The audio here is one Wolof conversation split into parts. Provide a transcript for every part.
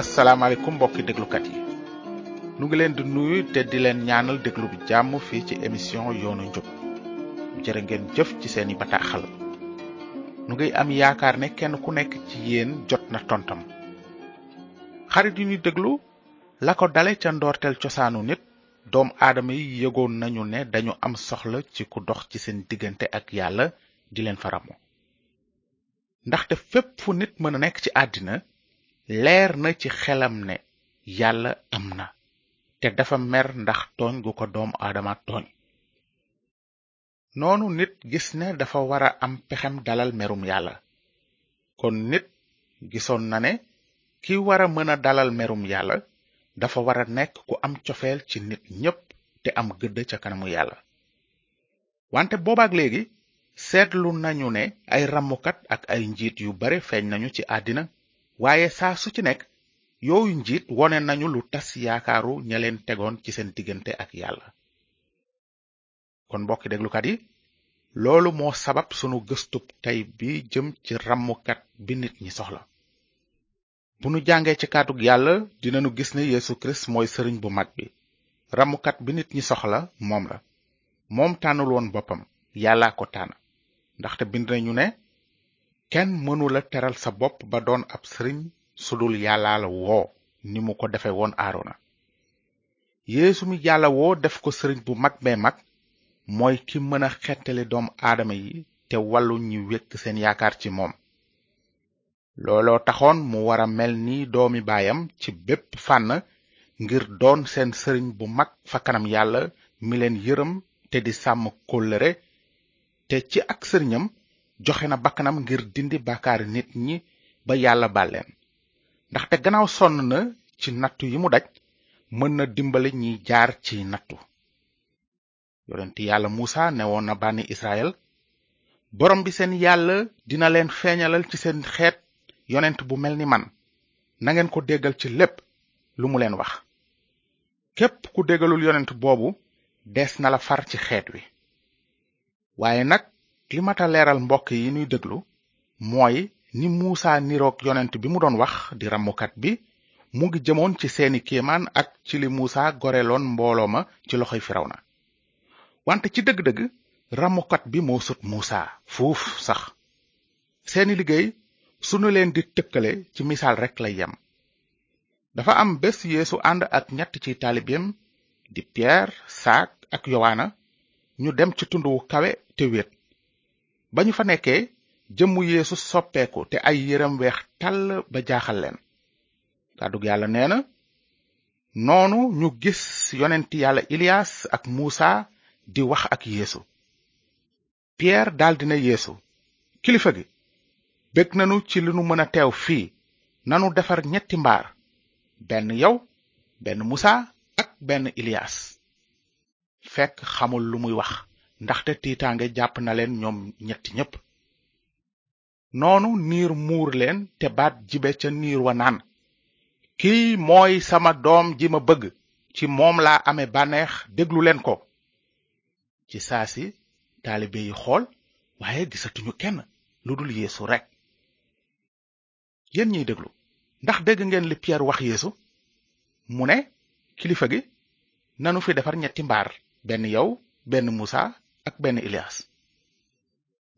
asalaamaaleykum mbokki déglukat yi nu ngi leen di nuyu te di leen ñaanal déglu bu jàmm fii ci émission yoonu njub jërë ngeen jëf ci seeni bataaxal nu ngi am yaakaar ne kenn ku nekk ci yéen jot na tontam xarit yu ñu déglu la ko dale ca ndoorteel cosaanu nit doom aadama yi yëgoon nañu ne dañu am soxla ci ku dox ci seen diggante ak yàlla di leen faramo ndaxte fépp fu nit mën a nekk ci àddina leer na ci xelam ne yàlla am na te dafa mer ndax tooñ gu ko doom aadama tooñ noonu nit gis ne dafa war a am pexem dalal merum yàlla kon nit gisoon na ne ki war a mën a dalal merum yàlla dafa war a nekk ku am cofeel ci nit ñépp te am gëdd ca kanamu yàlla wante boobaak léegi seetlu nañu ne ay ramukat ak ay njiit yu bare feeñ nañu ci àddina waaye saa su ci nekk yooyu njiit wone nañu lu tas yaakaaru ña leen tegoon ci seen diggante ak yàlla kon mbokki deglukat yi loolu moo sabab sunu gëstub tey bi jëm ci ràmmkat bi nit ñi soxla bu nu jàngee ci kàddug yàlla dinanu gis ne yeesu kirist mooy sëriñ bu mag bi ramukat bi nit ñi soxla moom la moom tànnul woon boppam yàllaa ko tànn ndaxte bind nañu ne kenn mënula teral sa bopp ba doon ab sëriñ sudul yàlla woo ni mu ko defe woon aarona yeesu mi yàlla woo def ko sëriñ bu mag bee mag mooy ki mëna a xettali doom aadama yi te wallu ñi wekk seen yaakaar ci moom looloo taxoon mu war a mel ni doomi baayam ci bépp fànn ngir doon seen sëriñ bu mag fa kanam yàlla mi leen yërëm te di sàmm kóllëre te ci ak sëriñam joxe na bakkanam ngir dindi bàkkaari nit ñi ba yàlla bàlleen ndaxte gannaaw sonn na ci nattu yi mu daj mën na dimbali ñiy jaar ci nattu yonent yàlla muusa newoon na bànni israel borom bi seen yàlla dina leen feeñalal ci seen xeet yonent bu mel ni man nangeen ko déggal ci lépp lu mu leen wax képp ku déggalul yonent boobu des na la far ci xeet wi waaye nag li mata leeral mbokk yi nuy déglu mooy ni muusa niroog yonent bi mu doon wax di ramukat bi mu ngi jëmoon ci seeni kéemaan ak ci li muusa goreloon mbooloo ma ci loxoy na wante ci dëgg-dëgg ramukat bi moo sut muusa fuuf sax seeni liggéey sunu leen di tëkkale ci misaal rekk lay yem dafa am bés yéesu ànd ak ñett ci taalibeem di Pierre Saak ak Yowaana ñu dem ci tundu kawe te wéet ba ñu fa nekkee jëmm yéesu soppeeku te ay yëram weex tàll ba jaaxal leen kàddug yàlla nee na noonu ñu gis yonent yàlla ilias ak muusa di wax ak yéesu pierre daldi na yéesu kilifa gi bég nanu ci li nu mën a teew fii nanu defar ñetti mbaar benn yow benn muusa ak benn ilias fekk xamul lu muy wax ndaxte tiitaange jàpp na leen ñoom ñetti ñépp noonu niir muur leen te baat jibe ca niir wa naan kii mooy sama doom ji ma bëgg ci moom laa amee bànneex déglu leen ko ci saa si taalibe yi xool waaye gisatuñu kenn lu dul yeesu rekk yéen ñiy déglu ndax dëgg ngeen li Pierre wax yéesu mu ne kilifa gi nanu fi defar ñetti mbaar benn yow benn Musa ak benn Ilias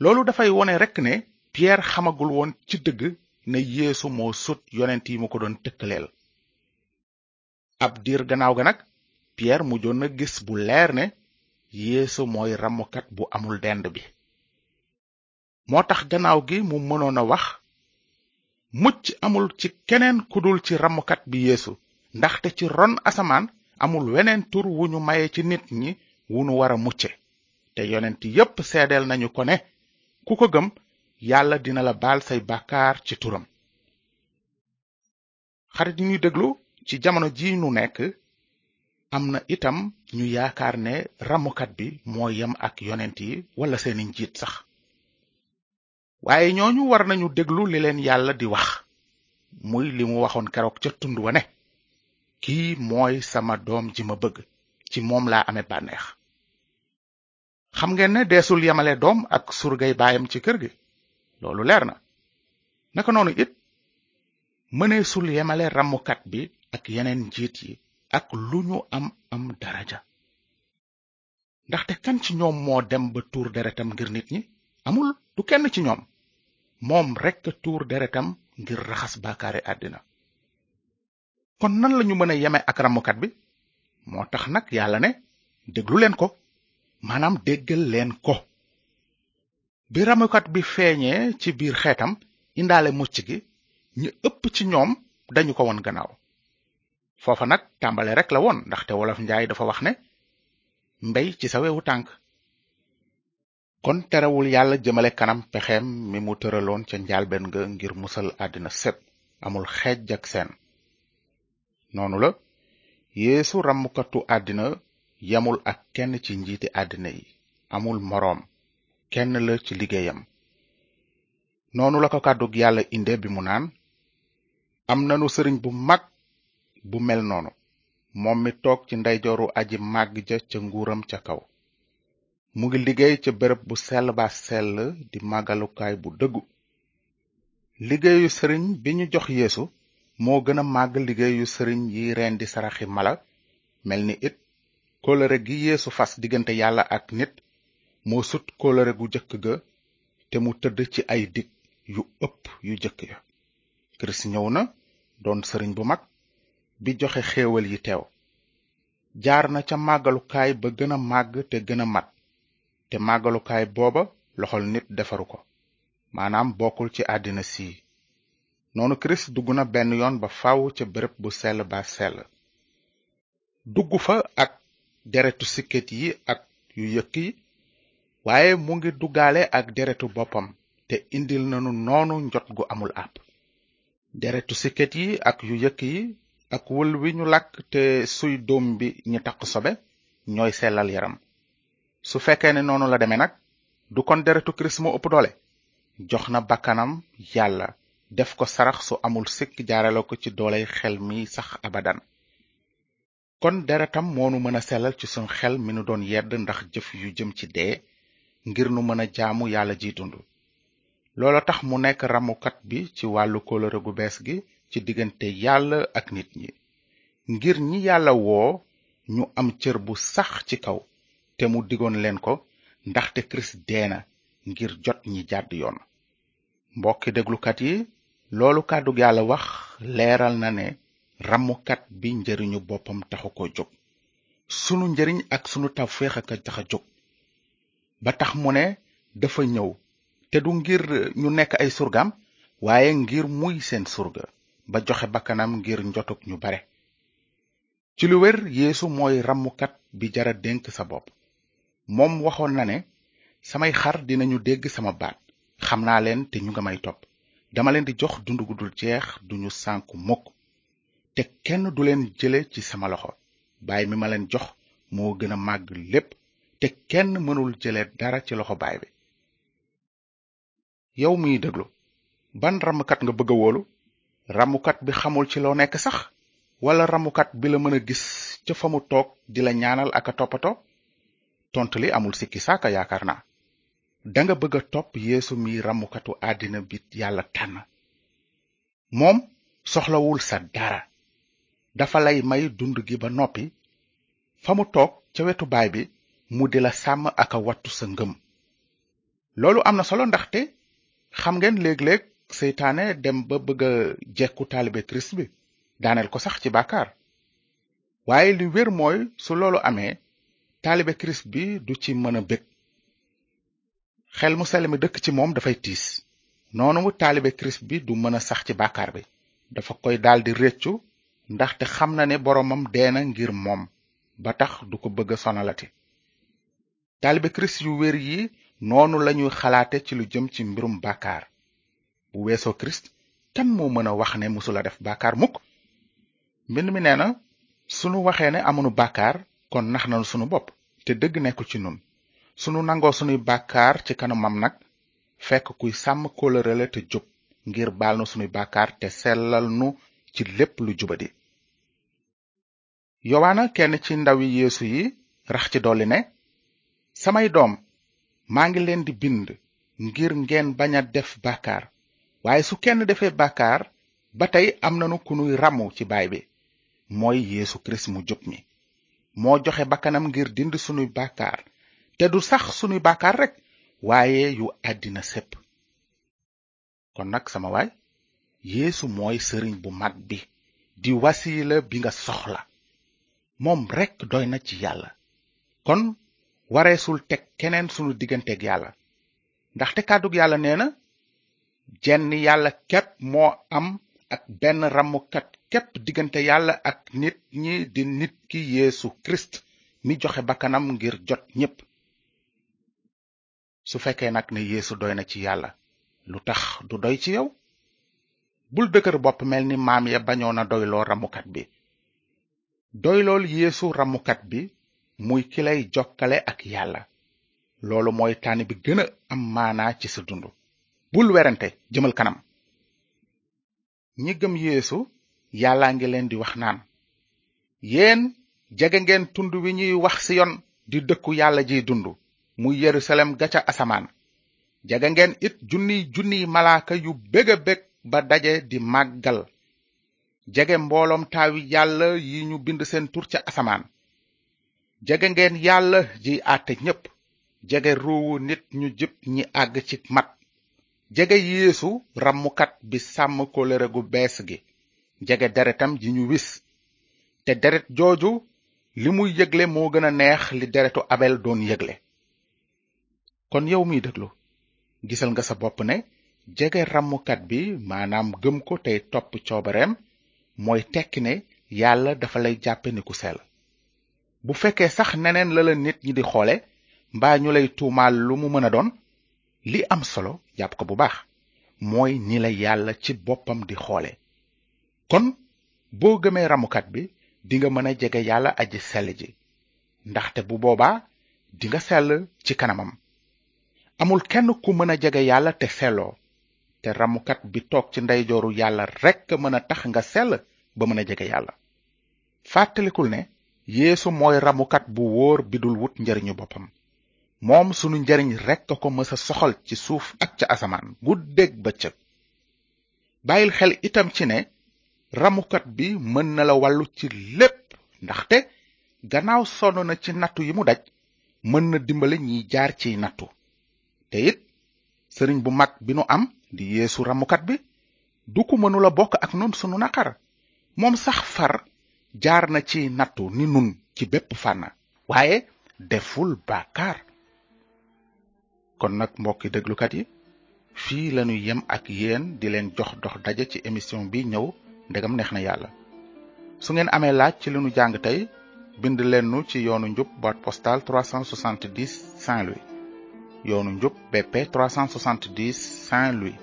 loolu dafay wone rekk ne Pierre xamagul woon ci dëgg ne Yeesu moo sut yonent yi mu ko doon tëkkaleel ab diir gannaaw ga nag Pierre mujjoon na gis bu leer ne yéesu mooy ramukat bu amul dend bi moo tax gannaaw gi mu mënoon a wax mucc amul ci keneen ku dul ci ramukat bi yéesu ndaxte ci ron asamaan amul weneen tur wu ñu maye ci nit ñi wu nu war a mucce te yonent yépp seedeel nañu ko ne ku ko gëm yàlla dina la baal say bàkkaar ci turam xarit yi ñuy déglu ci jamono ji nu nekk am na itam ñu yaakaar ne ramukat bi moo yem ak yonent yi wala seeni njiit sax waaye ñooñu war nañu déglu li leen yàlla di wax muy limu waxoon keroog ca tund wa ne kii mooy sama doom ji ma bëgg ci moom laa amee bànneex xam ngeen ne deesul yemale doom ak surgay baayam ci kër gi loolu leer na naka noonu it mëneesul yemale ramukat bi ak yeneen njiit yi ak lu ñu am am daraja ndaxte kan ci ñoom moo dem ba tuur deretam ngir nit ñi amul du kenn ci ñoom moom rekk tuur deretam ngir raxas baakaare àddina kon nan lañu mën a yeme ak ramukat bi moo tax nag yàlla ne déglu leen ko maanaam déggal leen ko bi ramukat bi feeñee ci biir xeetam indaale mucc gi ñu ëpp ci ñoom dañu ko won gannaaw foofa nag tàmbale rek la woon ndaxte wolof njaay dafa wax ne mbey ci sa wewu tànk kon terewul yàlla jëmale kanam pexeem mi mu tëraloon ca njaalbeen nga ngir musal àddina sépp amul xeej ak seen noonu la yeesu ramukatu àddina yamul ak kenn ci njiiti àddina yi amul moroom kenn la ci liggéeyam noonu la ko kàddug yàlla inde bi mu naan am nanu sëriñ bu mag bu mel noonu moom mi toog ci ndeyjooru aji màgg ja ca nguuram ca kaw mu ngi liggéey ca bërëb bu sell ba sell di màggalukaay bu dëggu liggéeyu sëriñ bi ñu jox yéesu moo gën a màgg liggéeyu sëriñ yi di saraxi mala mel ni it kóllëre gi yéesu fas diggante yàlla ak nit moo sut kóllëre gu jëkk ga te mu tëdd ci ay dikk yu ëpp yu jëkk ya kirist ñëw na doon sëriñ bu mag bi joxe xéewal yi teew jaar na ca màggalukaay ba gëna màgg te gëna a mat te màggalukaay booba loxol nit defaru ko maanaam bokkul ci àddina sii noonu kirist dugg na benn yoon ba faw ca bërëb bu sell ba sell dugg fa ak deretu siket yi ak yu yëkk yi waaye mu ngi duggaale ak deretu boppam te indil nanu noonu njot gu amul àpp deretu siket yi ak yu yëkk yi ak wël wi ñu lakk te suy doom bi ñu taq sobe ñooy sellal yaram su fekkee ne noonu la deme nag du kon deretu kirist moo ëpp doole jox na bakkanam yàlla def ko sarax su amul sikk jaarale ko ci dooley xel mi sax abadan kon deretam moonu mën a selal ci sunu xel mi nu doon yedd ndax jëf yu jëm ci dee ngir nu mën a jaamu yàlla ji dund loola tax mu nekk ramukat bi ci wàllu kóllëre gu bees gi ci diggante yàlla ak nit ñi ngir ñi yàlla woo ñu am cër bu sax ci kaw te mu digoon leen ko ndaxte kirist dee na ngir jot ñi jàdd yoon mbokki déglukat yi loolu kàddug yàlla wax leeral na ne rammukat bi njariñu boppam taxu ko jóg sunu njariñ ak sunu tawféex ak taxa jóg ba tax mu ne dafa ñëw te du ngir ñu nekk ay surgaam waaye ngir muy seen surga ba joxe bakkanam ngir njotuk ñu bare ci lu wér yeesu mooy rammukat bi jara dénk sa bopp moom waxoon na ne samay xar dinañu dégg sama baat xam naa leen te ñu nga may topp dama leen di jox dund gu jeex duñu sànku mukk te kenn du leen jële ci sama loxo baay mi ma leen jox moo gën a màgg lépp te kenn mënul jële dara ci loxo baay bi yow miy déglu ban ràmmkat nga bëgg a wóolu ràmmukat bi xamul ci loo nekk sax wala ràmmukat bi la mën a gis ca fa mu toog di la ñaanal ak a toppatoo tont li amul sikki saaka yaakaar naa danga bëgg a topp yéesu mi ràmmukatu àddina bi yàlla tànn moom soxlawul sa dara dafa lay may dund gi ba noppi fa mu toog ca wetu baay bi mu di la sàmm ak a wattu sa ngëm loolu am na solo ndaxte xam ngeen léeg-léeg seytaane dem ba bëgg a jekku taalibe kirist bi daaneel ko sax ci bàkkaar waaye li wér mooy su loolu amee taalibe kirist bi du ci mën a bég xel mu sell mi dëkk ci moom dafay tiis noonu taalibe kirist bi du mën a sax ci bàkkaar bi dafa koy daldi réccu ndaxte xam na ne boroomam dee na ngir moom ba tax du ko bëgg a sonalati taalibe kirist yu wér yi noonu lañuy xalaate ci lu jëm ci mbirum bàkkaar bu weesoo kirist kan moo mën a wax ne mësula def bàkkaar mukk mbind mi nee na sunu waxee ne amunu bàkkaar kon nax nanu sunu bopp te dëgg nekkul ci nun sunu nangoo sunuy bàkkaar ci kanamam nag fekk kuy sàmm kóllëre te jub ngir baal na sunuy bàkkaar te sellal nu ci lépp lu juba jubadi yowaana kenn ci ndawi yeesu yi rax ci dolli ne samay doom maa ngi leen di bind ngir ngeen bañ a def bàkkaar waaye su kenn defee bàkkaar ba tey am nanu ku nuy ràmmu ci baay bi mooy yéesu kirist mu jub mi moo joxe bakkanam ngir dind sunuy bàkkaar te du sax sunuy bàkkaar rek waaye yu àddina sépp kon nag sama waay yéesu mooy sëriñ bu mag bi di wasiila bi nga soxla moom rekk doy na ci yàlla kon wareesul teg keneen sunu digganteek yàlla ndaxte kàddug yàlla nee na jenn yàlla képp moo am ak benn rammukat képp diggante yàlla ak nit ñi di nit ki yeesu kirist mi joxe bakkanam ngir jot ñépp su fekkee nag ne yéesu doy na ci yàlla lu tax du doy ci yow bul dëgër bopp mel ni maam ya bañoo na doyloo ramukat bi doylool yéesu ramukat bi muy ki lay jokkale ak yàlla loolu mooy tànn bi gëna am maanaa ci sa dund bul werante jëmal kanam ñi gëm yéesu yàllaa ngi leen di wax naan yéen jege ngeen tund wi ñuy wax siyon di dëkku yàlla ji dund muy yerusalem ga ca asamaan jege ngeen it junniy junniy malaaka yu bég a ba daje di màggal jege mbooloom taawi yàlla yi ñu bind seen tur ca asamaan jege ngeen yàlla jiy àtte ñépp jege ruuwu nit ñu jub ñi àgg ci mat jege yeesu rammukat bi sàmm kóllëre gu bees gi jege deretam ji ñu wis te deret jooju li muy yëgle moo gën a neex li deretu abel doon yëgle kon yow miy déglu gisal nga sa bopp ne jege rammukat bi maanaam gëm ko tey topp coobareem mooy tekki ne yàlla dafa lay jàppe ni ku sell bu fekkee sax neneen la la nit ñi di xoole mbaa ñu lay tuumaal lu mu mën a doon li am solo jàpp ko bu baax mooy nii la yàlla ci boppam di xoole kon boo gëmee ramukat bi dinga mën a jege yàlla aji sell ji ndaxte bu boobaa dinga sell ci kanamam amul kenn ku mën a jege yàlla te selloo te ramukat bi toog ci ndeyjooru yàlla rekk mën a tax nga sell ba mën a jege yàlla fàttalikul ne yéesu mooy ramukat bu wóor bi dul wut njariñu boppam moom sunu njariñ rekk ko mësa soxal ci suuf ak ca asamaan guddeeg bëccëg bàyyil xel itam ci ne ramukat bi mën na la wàllu ci lépp ndaxte gannaaw sonn na ci nattu yi mu daj mën na dimbali ñiy jaar ciy nattu te it sëriñ bu mag bi nu am di yéesu rammukat bi du ku mënula bokk ak nun sunu naqar moom sax far jaar na ci nattu ni nun ci bépp fànna waaye deful bàkkaar kon nag mbokki déglukat yi fii lañu yem ak yéen di leen jox dox daje ci émission bi ñëw ndegam neex na yàlla su ngeen amee laaj ci li nu jàng tey bind leen nu ci yoonu njub boîte postale 370 Saint-Louis yoonu njub BP 370 saint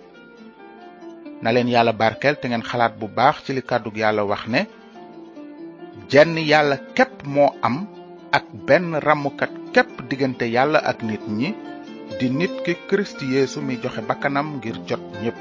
na leen yàlla barkeel te ngeen xalaat bu baax ci li kàddug yàlla wax ne jenn yàlla képp moo am ak benn ràmmkat képp diggante yàlla ak nit ñi di nit ki Kirist Yeesu mi joxe bakkanam ngir jot ñépp